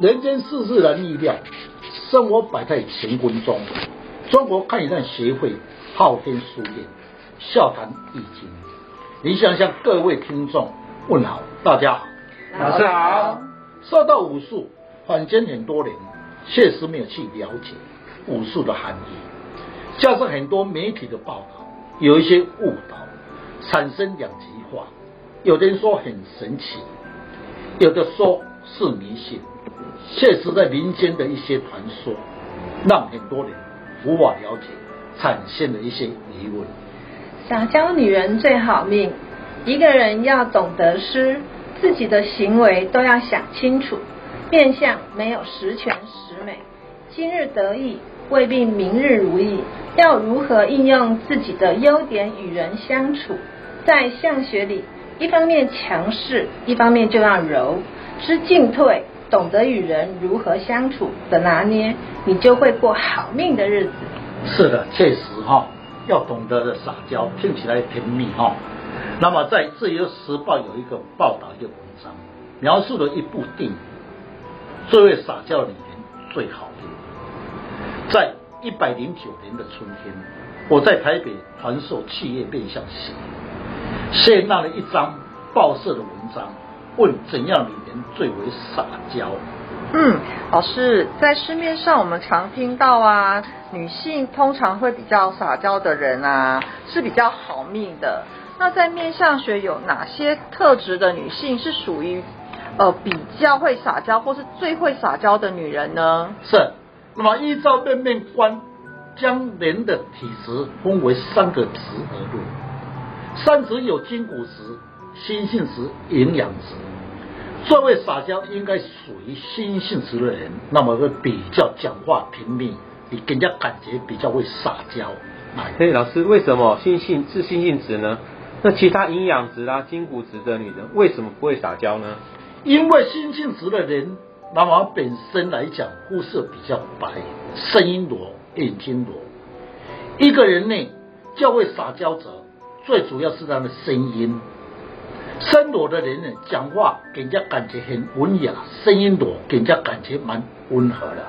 人間世事難預料，生活百態乾坤中。中國太極拳協會昊天書院笑談易經，你想向各位聽眾問好，大家好，老師好。說到武術，坊間很多人確實沒有去了解武術的含義，加上很多媒體的報道，有一些誤導，產生兩極化。有的人說很神奇，有的說是迷信。現實在民間的一些傳說，讓很多人無法了解，產生了一些疑問。撒嬌女人最好命，一個人要懂得失，自己的行為都要想清楚。面相沒有十全十美，今日得意，未必明日如意。要如何應用自己的優點與人相處？在相學裡，一方面強勢，一方面就要柔，知進退。懂得與人如何相處的拿捏，你就會過好命的日子。是的，確實哈、哦，要懂得的撒嬌，聽起來甜蜜哈、哦。那麼在自由時報有一個報道的文章，描述了一部電影，作為撒嬌裡面最好的。在一百零九年的春天，我在台北傳授企業面相時，寫那的一張報社的文章。問怎樣女人最為撒嬌？嗯，老師，在市面上我們常聽到啊，女性通常會比較撒嬌的人啊，是比較好命的。那在面相學有哪些特質的女性是屬於，呃，比較會撒嬌或是最會撒嬌的女人呢？是，那麼依照對面觀，將人的體質分為三個質。三質有筋骨質。心性值、營養值，作為撒嬌應該屬於心性值的人，那麼會比較講話甜蜜，你給人家感覺比較會撒嬌。所以老師，為什麼心性是心性值呢？那其他營養值啊、筋骨值的女人為什麼不會撒嬌呢？因為心性值的人，那麼本身來講膚色比較白，聲音裸，眼睛裸。一個人呢，較會撒嬌者，最主要是他的聲音。聲糯的人呢，講話給人家感覺很文雅，聲音糯，給人家感覺蠻溫和的。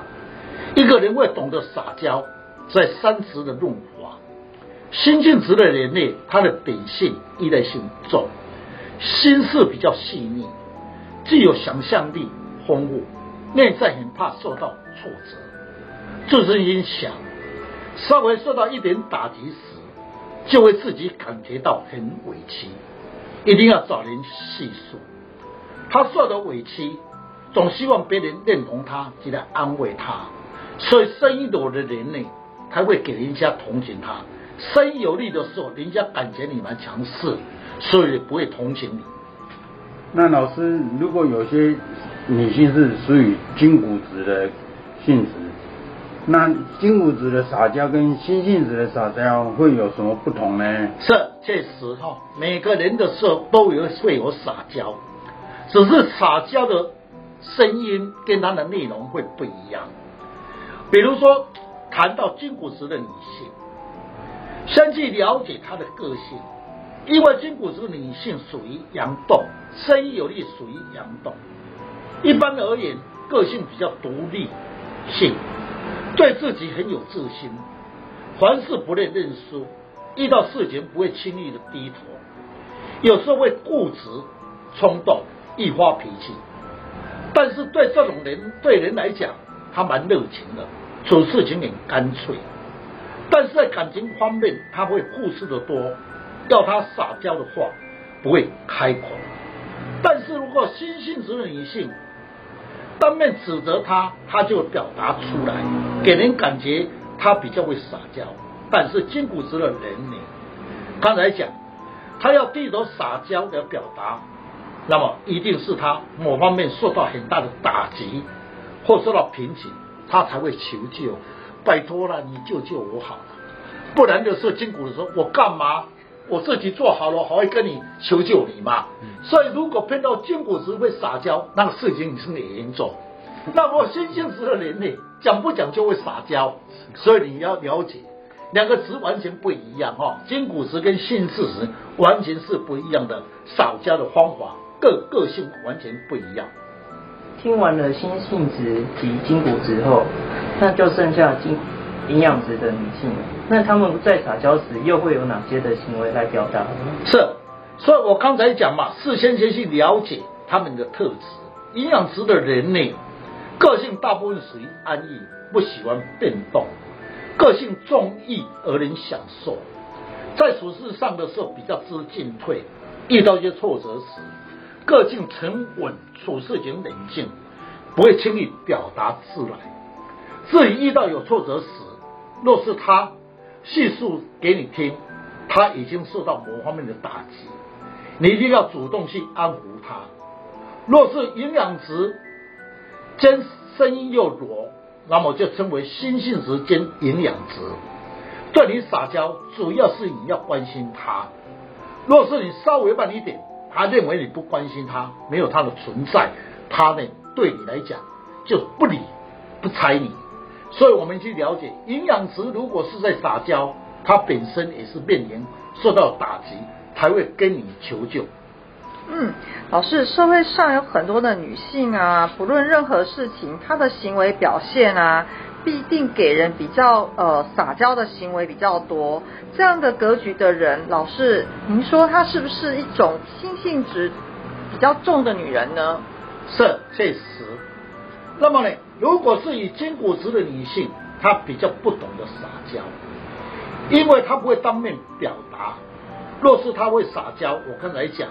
一個人會懂得撒嬌，在三殖的潤滑。心靜直的人呢，他的本性依賴性重，心思比較細膩，具有想象力豐富，內在很怕受到挫折。自尊心強，稍微受到一點打擊時，就會自己感覺到很委屈。一定要找人細訴，他受的委屈，總希望別人認同他，記得安慰他。所以聲音弱的人呢，才會給人家同情他；聲音有力的時候，人家感覺你蠻強勢，所以不會同情你。那老師，如果有些女性是屬於筋骨質的性質？那金骨子的撒嬌跟星星子的撒嬌會有什麼不同呢？是確實哈，每個人的時候都有會有撒嬌，只是撒嬌的聲音跟它的內容會不一樣。比如說談到金骨子的女性，先去了解她的個性，因為金骨子的女性屬於陽動，聲音有力屬於陽動，一般而言個性比較獨立性。對自己很有自信，凡事不能認輸，遇到事情不會輕易的低頭，有時候會固執、衝動、易發脾氣。但是對這種人，對人來講，他蠻熱情的，做事情很乾脆。但是在感情方面，他會故事的多。要他撒嬌的話，不會開口。但是如果心性的女性，當面指責他，他就表達出來，給人感覺他比較會撒嬌。但是筋骨質的人民，剛才講，他要低頭撒嬌的表達，那麼一定是他某方面受到很大的打擊，或受到瓶頸，他才會求救，拜托了，你救救我好了，不然就是筋骨的時候，我幹嘛？我自己做好了，我還會跟你求救你嘛？所以如果碰到筋骨質會撒嬌，那個事情你是很嚴重。那我心性質的年齡講不講就會撒嬌，所以你要了解，兩個詞完全不一樣哈。筋、哦、骨質跟心性質完全是不一樣的撒嬌的方法，個個性完全不一樣。聽完了心性質及筋骨質後，那就剩下筋、營養值的女性，那她們在撒嬌時又會有哪些的行為來表達呢？是，所以我剛才講嘛，事先先去了解她們的特質。營養值的人呢，個性大部分屬於安逸，不喜歡變動；個性重義而能享受，在處事上的時候比較知進退。遇到一些挫折時，個性沉穩，處事情冷靜，不會輕易表達出來。至於遇到有挫折時，若是他敘述給你聽，他已經受到某方面的打擊，你一定要主動去安撫他。若是營養值兼聲音又弱，那麼就稱為心性值兼營養值。對你撒嬌，主要是你要關心他。若是你稍微慢一點，他認為你不關心他，沒有他的存在，他呢，對你來講就不理不睬你。所以，我們去了解，營養值如果是在撒嬌，它本身也是面臨受到打擊，才會跟你求救。嗯，老師，社會上有很多的女性啊，不論任何事情，她的行為表現啊，必定給人比較呃撒嬌的行為比較多。這樣的格局的人，老師，您說她是不是一種性性質比較重的女人呢？是，確實。那麼呢？如果是以筋骨質的女性，她比較不懂得撒嬌，因為她不會當面表達。若是她會撒嬌，我剛才講，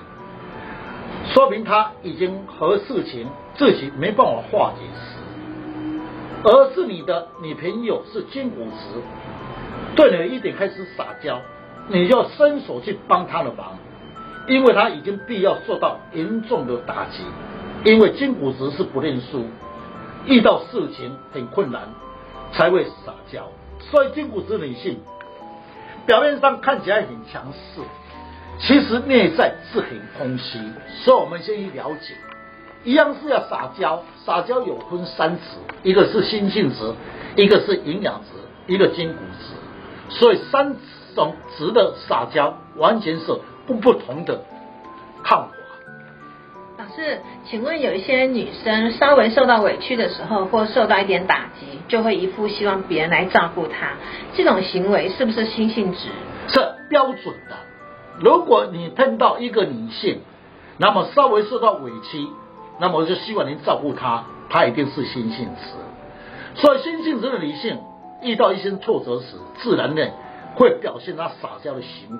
說明她已經和事情，自己沒辦法化解時，而是你的女朋友是筋骨質，對你一點開始撒嬌，你就伸手去幫她的忙，因為她已經必要受到嚴重的打擊，因為筋骨質是不認輸。遇到事情很困難，才會撒嬌。所以筋骨質女性表面上看起來很強勢，其實內在是很空虛。所以我們先去了解，一樣是要撒嬌。撒嬌有分三質，一個是心性質，一個是營養質，一個筋骨質。所以三種質的撒嬌完全是不不同的看法。看。老師，請問有一些女生稍微受到委屈的時候，或受到一點打擊，就會一副希望別人來照顧她，這種行為是不是心性質？是標準的。如果你碰到一個女性，那麼稍微受到委屈，那麼就希望您照顧她，她一定是心性質。所以心性質的女性遇到一些挫折時，自然呢會表現她撒嬌的行為，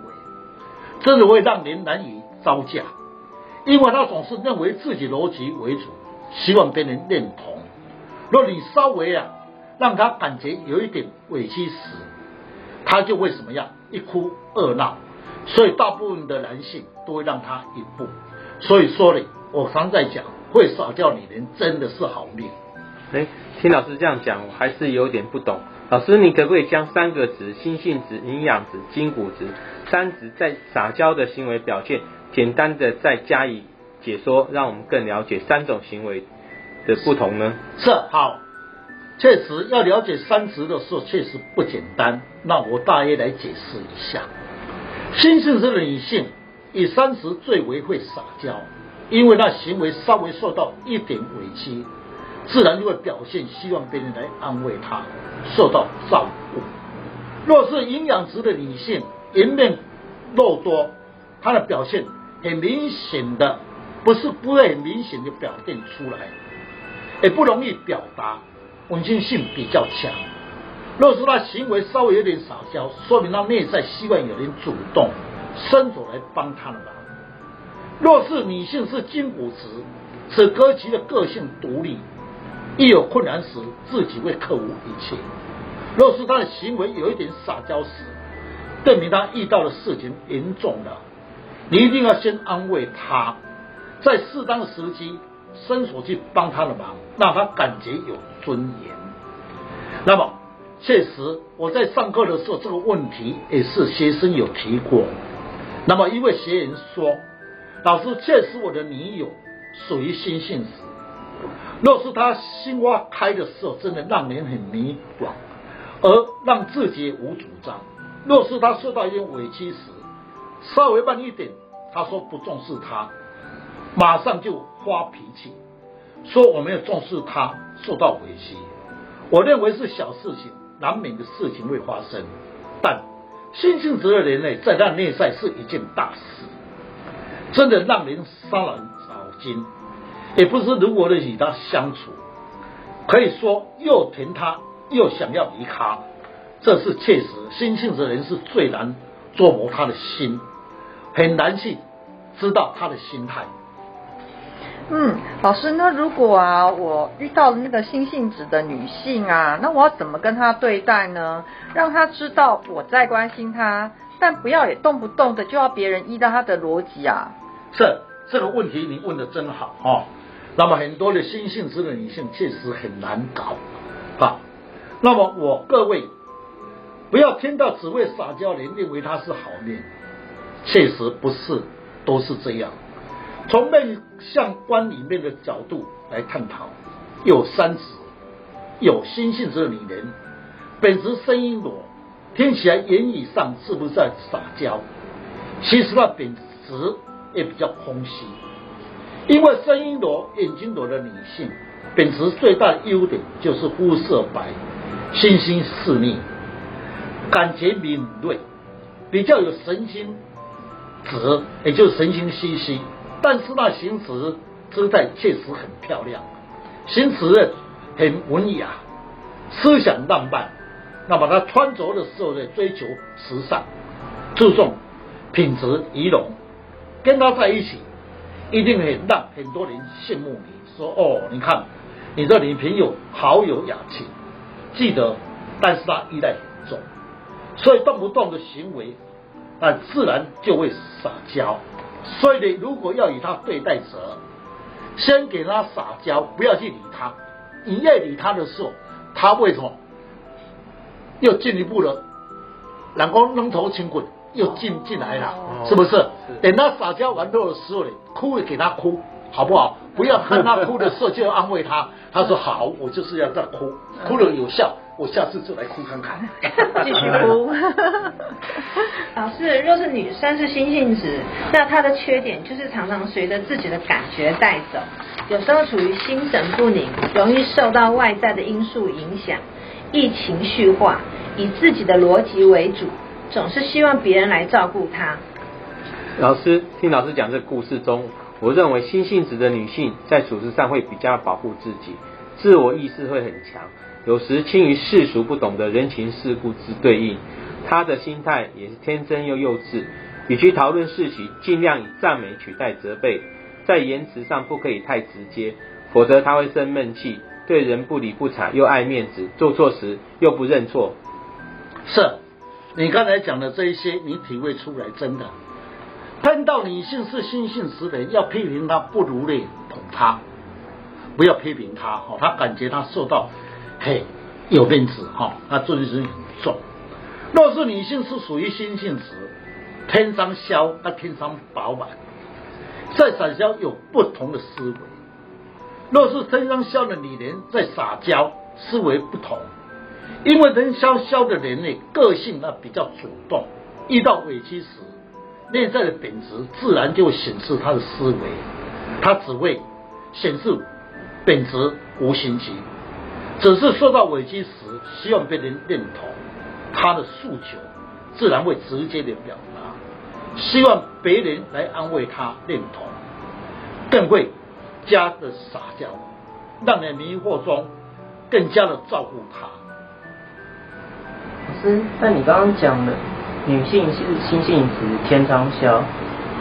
真的會讓您難以招架。因為他總是認為自己邏輯為主，希望別人認同。若你稍微啊，讓他感覺有一點委屈時，他就會什麼樣，一哭二鬧。所以大部分的男性都會讓他一步。所以說呢，我常在講，會撒嬌女人真的是好命。哎，聽老師這樣講，我還是有點不懂。老師，你可不可以將三個值——心性值、營養值、筋骨值三值在撒嬌的行為表現，簡單的再加以解說，讓我們更了解三種行為的不同呢？是好，確實要了解三值的時候確實不簡單。那我大約來解釋一下，心性是女性，以三值最為會撒嬌，因為那行為稍微受到一點委屈。自然就會表現希望別人來安慰他，受到照顧。若是營養值的女性，顏面肉多，她的表現很明顯的，不是不會很明顯的表現出來，也不容易表達，穩定性比較強。若是她行為稍微有點撒嬌，說明她內在希望有人主動伸手來幫她的忙。若是女性是筋骨值，是格局的個性獨立。一有困難時，自己會克服一切。若是他的行為有一點撒嬌時，證明他遇到的事情嚴重了，你一定要先安慰他，在適當的時機伸手去幫他的忙，讓他感覺有尊嚴。那麼，確實我在上課的時候，這個問題也是學生有提過。那麼一位學員說：“老師，確實我的女友屬於心性時。”若是他心花開的時候，真的讓人很迷惘，而讓自己無主張；若是他受到一點委屈時，稍微慢一點，他說不重視他，馬上就發脾氣，說我沒有重視他，受到委屈。我認為是小事情，難免的事情會發生，但心性情的人呢，在那內在是一件大事，真的讓人傷腦筋。也不是，如何的與他相處，可以說又疼他，又想要離他，這是確實。心性子的人是最難捉摸他的心，很難去知道他的心態。嗯，老師，那如果啊，我遇到那個心性子的女性啊，那我要怎麼跟她對待呢？讓她知道我在關心她，但不要也動不動的就要別人依照她的邏輯啊。是這個問題，你問得真好啊、哦那麼很多的心性質的女性確實很難搞，啊那麼我各位不要聽到只會撒嬌的人認為她是好命，確實不是，都是這樣。從面相觀裡面的角度來探討，有三指，有心性質的女人，本質聲音裸，聽起來言語上是不是在撒嬌？其實那本質也比較空虛。因為聲音柔、眼睛柔的女性，本質最大的優點就是膚色白、心心細膩、感覺敏銳，比較有神經質，也就是神經兮兮。但是那形體姿態確實很漂亮，形體很文雅，思想浪漫。那麼她穿着的時候呢，追求時尚，注重品質儀容，跟她在一起，一定會讓很多人羨慕你，說：“哦，你看，你這女朋友好有雅氣，記得，但是她依賴很重，所以動不動的行為，那自然就會撒嬌。所以你如果要與他對待者，先給他撒嬌，不要去理他。你越理他的時候，他為什麼又進一步的，兩個龍頭輕滾。”又進進來了，哦，、是不是？是等他撒嬌玩透的時候，你哭也給他哭，好不好？不要看他哭的時候就要安慰他。他說好，我就是要在哭，哭了有效，我下次就來哭看看，嗯、 繼續哭。老 師、哦、若是女生是心性子，那她的缺點就是常常隨着自己的感覺帶走，有時候處於心神不寧，容易受到外在的因素影響，易情緒化，以自己的邏輯為主。總是希望別人來照顧她。老師，聽老師講這故事中，我認為新性子的女性在處事上會比較保護自己，自我意識會很強，有時輕於世俗，不懂得人情世故之對應。她的心態也是天真又幼稚。與其討論事情，儘量以讚美取代責備，在言辭上不可以太直接，否則她會生悶氣，對人不理不睬，又愛面子，做錯時又不認錯。是。你剛才講的這一些，你體會出來真的。碰到女性是心性之人，要批評她不如理哄她，不要批評她哈，她感覺她受到嘿有面子哈，她尊心很重。若是女性是屬於心性時，天生肖她天生飽滿，在散肖有不同的思維。若是天生肖的女人在撒嬌，思維不同。因為人瀟瀟的人呢，個性啊比較主動，遇到委屈時，內在的本質自然就會顯示他的思維，他只會顯示本質無心機，只是受到委屈時希望別人認同，他的訴求自然會直接的表達，希望別人來安慰他認同，更會加的撒嬌，讓人迷惑中更加的照顧他。但你剛剛講的女性是心性值天倉削，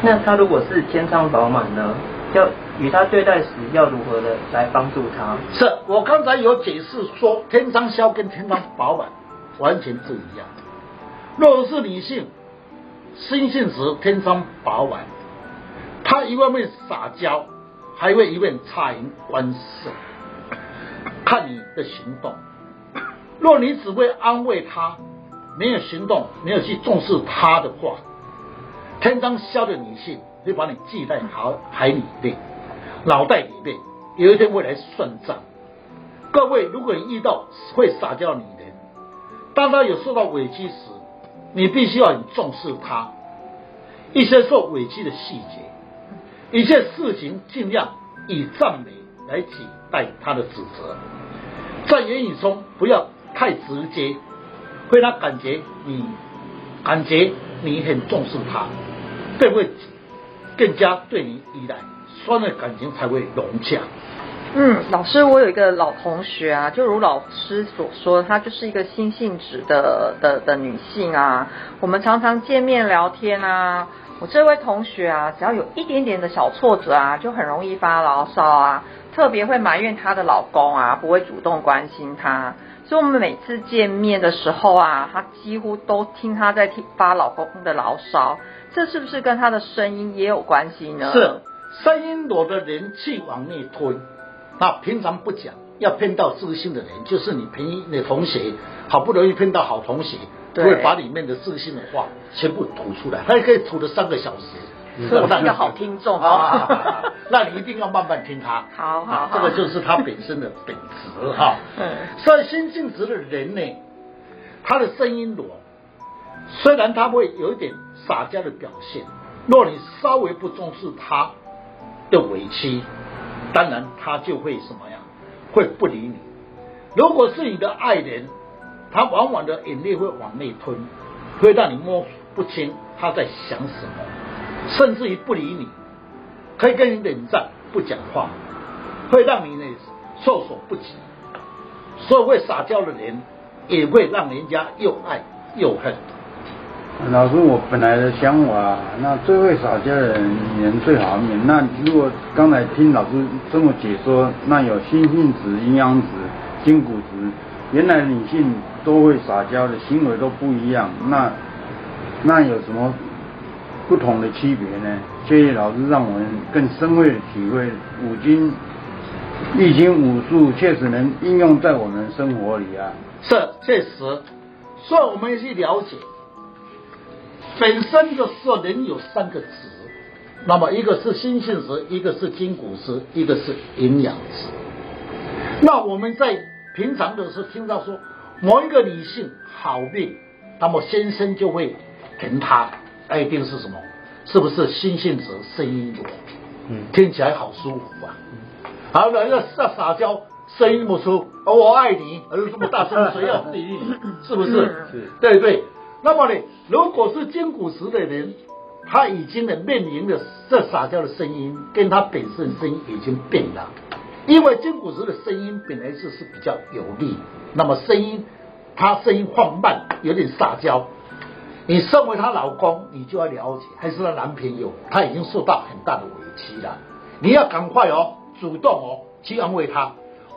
那她如果是天倉飽滿呢？要與她對待時要如何的來幫助她？是我剛才有解釋說天倉削跟天倉飽滿完全不一樣。若是女性心性值天倉飽滿，她一面會撒嬌，還會一面察言觀色，看你的行動。若你只會安慰他，沒有行動，沒有去重視他的話，天罡消的女性會把你記在腦海裡面，腦袋裡面，有一天會來算賬。各位，如果你遇到會撒嬌的女人，當她有受到委屈時，你必須要很重視她，一些受委屈的細節，一切事情，盡量以讚美來取代她的指責，在言語中不要。太直接，會讓感覺你感覺你很重視他，才會更加對你依賴，所以的感情才會融洽。嗯，老師，我有一個老同學啊，就如老師所說，她就是一個心性質的的的女性啊。我們常常見面聊天啊，我這位同學啊，只要有一點點的小挫折啊，就很容易發牢騷啊，特別會埋怨她的老公啊，不會主動關心她。所以我們每次見面的時候啊，他幾乎都聽他在聽發老公的牢騷，這是不是跟他的聲音也有關係呢？是，聲音裸的人氣往內吞，那平常不講，要騙到自信的人，就是你平你同學，好不容易騙到好同學，會對把裡面的自信的話全部吐出來，他也可以吐了三個小時。是個是的 好聽眾啊，那你一定要慢慢聽他。 好好，好、啊，這個就是他本身的本質哈。所以 心靜止的人呢，他的聲音弱，雖然他會有一點撒嬌的表現。若你稍微不重視他的委屈，當然他就會什麼呀，會不理你。如果是你的愛人，他往往的眼淚會往內吞，會讓你摸不清他在想什麼。甚至於不理你，可以跟你冷戰，不講話，會讓你呢措手不及。所有會撒嬌的人，也會讓人家又愛又恨。老師，我本來的想法，那最會撒嬌的人，人最好命。那如果剛才聽老師這麼解說，那有心性質、營養質、筋骨質，原來女性都會撒嬌的行為都不一樣。那那有什麼？不同的區別呢？謝謝老師，讓我們更深入的體會五經、易經五術確實能應用在我們生活裡啊。是，確實。所以我們要去了解，本身就是人有三個子，那麼一個是心性子，一個是筋骨子，一個是營養子。那我們在平常的時候聽到說某一個女性好命，那麼先生就會疼她。愛定是什麼？是不是心性質聲音柔？嗯，聽起來好舒服啊。嗯、好，那那撒撒嬌聲音不粗、哦，我愛你，而是這麼大聲， 誰要你？是不是？是是對對。那麼呢，如果是筋骨質的人，他已經的面臨了這撒嬌的聲音，跟他本身的聲音已經變了，因為筋骨質的聲音本來就是，是比較有力。那麼聲音，他聲音放慢，有點撒嬌。你身為她老公，你就要了解；還是她男朋友，她已經受到很大的委屈了。你要趕快哦，主動哦去安慰她，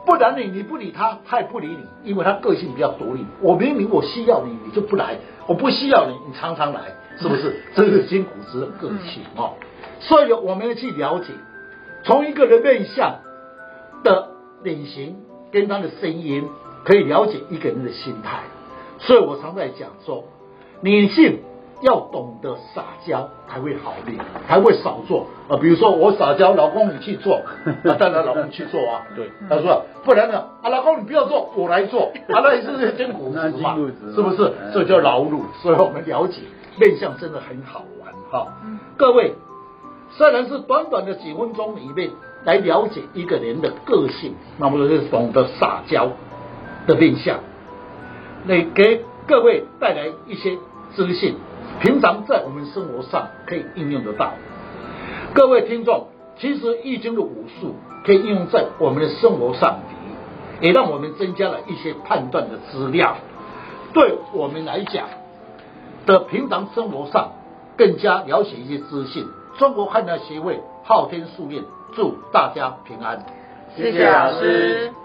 不然你你不理她，她也不理你，因為她個性比較獨立。我明明我需要你，你就不來；我不需要你，你常常來，是不是？ 這是金骨子的個性哦。所以我們要去了解，從一個人面相的臉型跟他的聲音，可以了解一個人的心態。所以我常在講說。女性要懂得撒嬌，才會好命，才會少做啊。比如說我撒嬌，老公你去做，當、啊、然老公去做啊。對，他說、啊、不然呢，啊老公你不要做，我來做，啊那也是艱苦是嘛是，是不是？嗯、這叫勞碌。所以我們了解面相真的很好玩哈。哦嗯、各位，雖然是短短的幾分鐘裡面來了解一個人的個性，那麼就是懂得撒嬌的面相，那給各位帶來一些。資訊，平常在我們生活上可以應用得到。各位聽眾，其實易經的五術可以應用在我們的生活上，也讓我們增加了一些判斷的資料。對我們來講的平常生活上，更加了解一些資訊。中國漢代協會昊天書院，祝大家平安。謝謝老師。